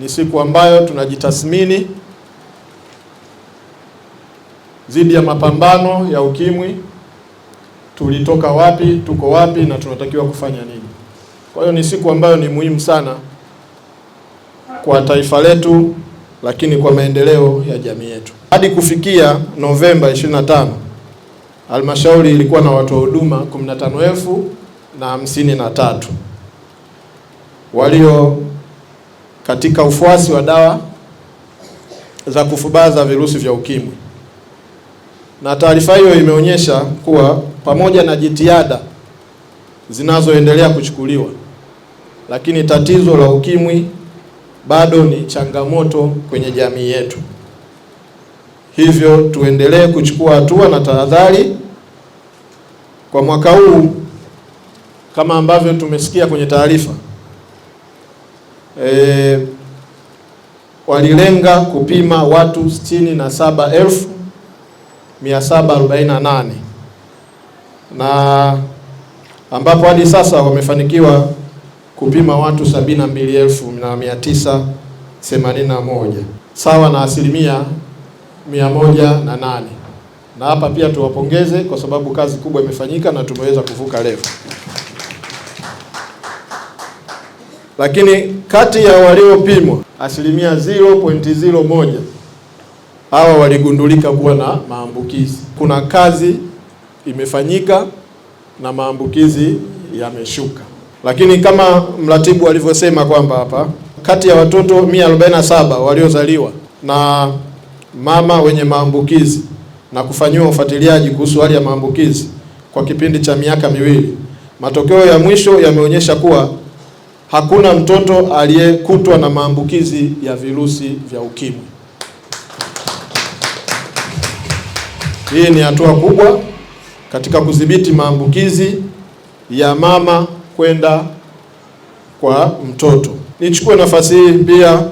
ni siku ambayo tunajitathmini dhidi ya mapambano ya ukimwi. Tulitoka wapi, tuko wapi, na tunatakiwa kufanya nini? Kwa hiyo ni siku ambayo ni muhimu sana kwa taifa letu, lakini kwa maendeleo ya jamii yetu. Hadi kufikia Novemba 25 halmashauri ilikuwa na watoa huduma 15,053 na walio katika ufuasi wa dawa za kufubaza virusi vya ukimwi, na taarifa hiyo imeonyesha kuwa pamoja na jitihada zinazoendelea kuchukuliwa, lakini tatizo la ukimwi bado ni changamoto kwenye jamii yetu. Hivyo tuendelee kuchukua hatua na tahadhari kwa mwaka huu, kama ambavyo tumesikia kwenye taarifa e, walilenga kupima watu sitini na saba elfu mia saba na na ambapo hadi sasa wamefanikiwa kupima watu sabini mbili elfu na mia tisa moja sawa na asilimia mia moja na nane na hapa pia tuwapongeze kwa sababu kazi kubwa imefanyika na tumeweza kuvuka level. lakini kati ya waliopimwa asilimia 0.01 hawa waligundulika kuwa na maambukizi. Kuna kazi imefanyika na maambukizi yameshuka, lakini kama mratibu alivyosema kwamba hapa kati ya watoto 147 waliozaliwa na mama wenye maambukizi na kufanyiwa ufuatiliaji kuhusu hali ya maambukizi kwa kipindi cha miaka miwili, matokeo ya mwisho yameonyesha kuwa hakuna mtoto aliyekutwa na maambukizi ya virusi vya ukimwi. Hii ni hatua kubwa katika kudhibiti maambukizi ya mama kwenda kwa mtoto. Nichukue nafasi hii pia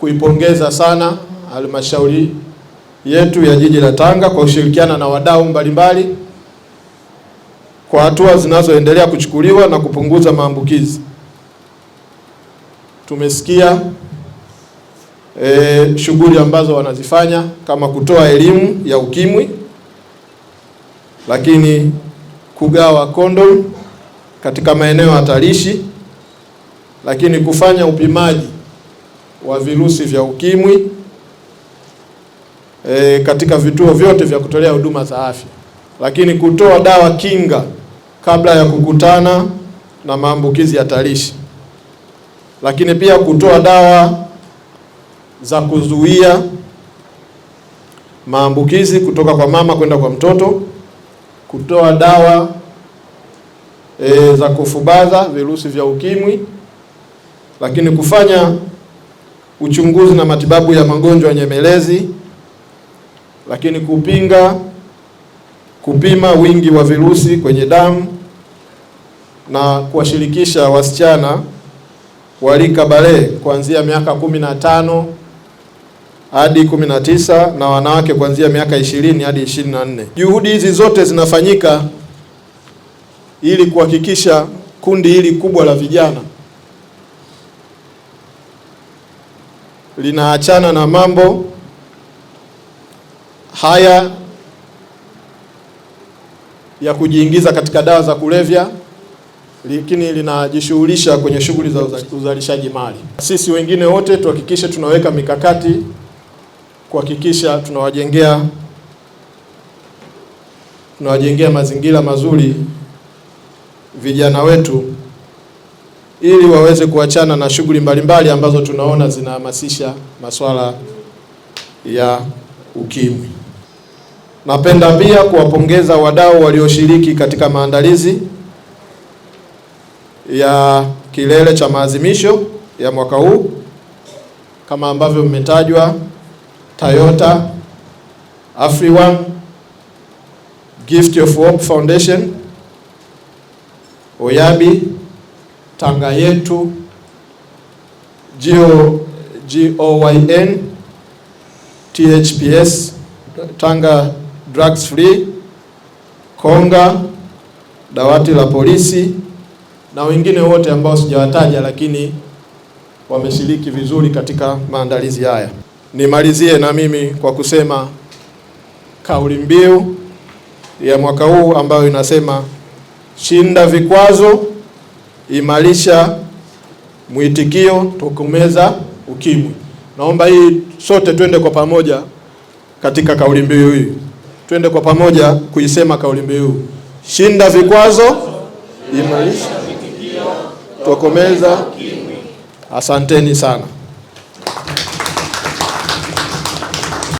kuipongeza sana halmashauri yetu ya jiji la Tanga kwa kushirikiana na wadau mbalimbali kwa hatua zinazoendelea kuchukuliwa na kupunguza maambukizi tumesikia e, shughuli ambazo wanazifanya kama kutoa elimu ya ukimwi, lakini kugawa kondom katika maeneo hatarishi, lakini kufanya upimaji wa virusi vya ukimwi e, katika vituo vyote vya kutolea huduma za afya, lakini kutoa dawa kinga kabla ya kukutana na maambukizi hatarishi lakini pia kutoa dawa za kuzuia maambukizi kutoka kwa mama kwenda kwa mtoto, kutoa dawa e, za kufubaza virusi vya ukimwi, lakini kufanya uchunguzi na matibabu ya magonjwa nyemelezi, lakini kupinga kupima wingi wa virusi kwenye damu na kuwashirikisha wasichana walika balehe kuanzia miaka kumi na tano hadi kumi na tisa na wanawake kuanzia miaka ishirini hadi ishirini na nne. Juhudi hizi zote zinafanyika ili kuhakikisha kundi hili kubwa la vijana linaachana na mambo haya ya kujiingiza katika dawa za kulevya lakini linajishughulisha kwenye shughuli za uzalishaji mali. Sisi wengine wote tuhakikishe tunaweka mikakati kuhakikisha tunawajengea tunawajengea mazingira mazuri vijana wetu ili waweze kuachana na shughuli mbalimbali ambazo tunaona zinahamasisha masuala ya ukimwi. Napenda pia kuwapongeza wadau walioshiriki katika maandalizi ya kilele cha maazimisho ya mwaka huu kama ambavyo mmetajwa, Toyota, AfriOne, Gift of Hope Foundation, Oyabi, Tanga Yetu, GOYN, THPS, Tanga Drugs Free, Konga, dawati la polisi na wengine wote ambao sijawataja, lakini wameshiriki vizuri katika maandalizi haya. Nimalizie na mimi kwa kusema kauli mbiu ya mwaka huu ambayo inasema shinda vikwazo, imarisha mwitikio, tokomeza ukimwi. Naomba hii sote twende kwa pamoja katika kauli mbiu hii, twende kwa pamoja kuisema kauli mbiu, shinda vikwazo, imarisha tokomeza Asanteni sana.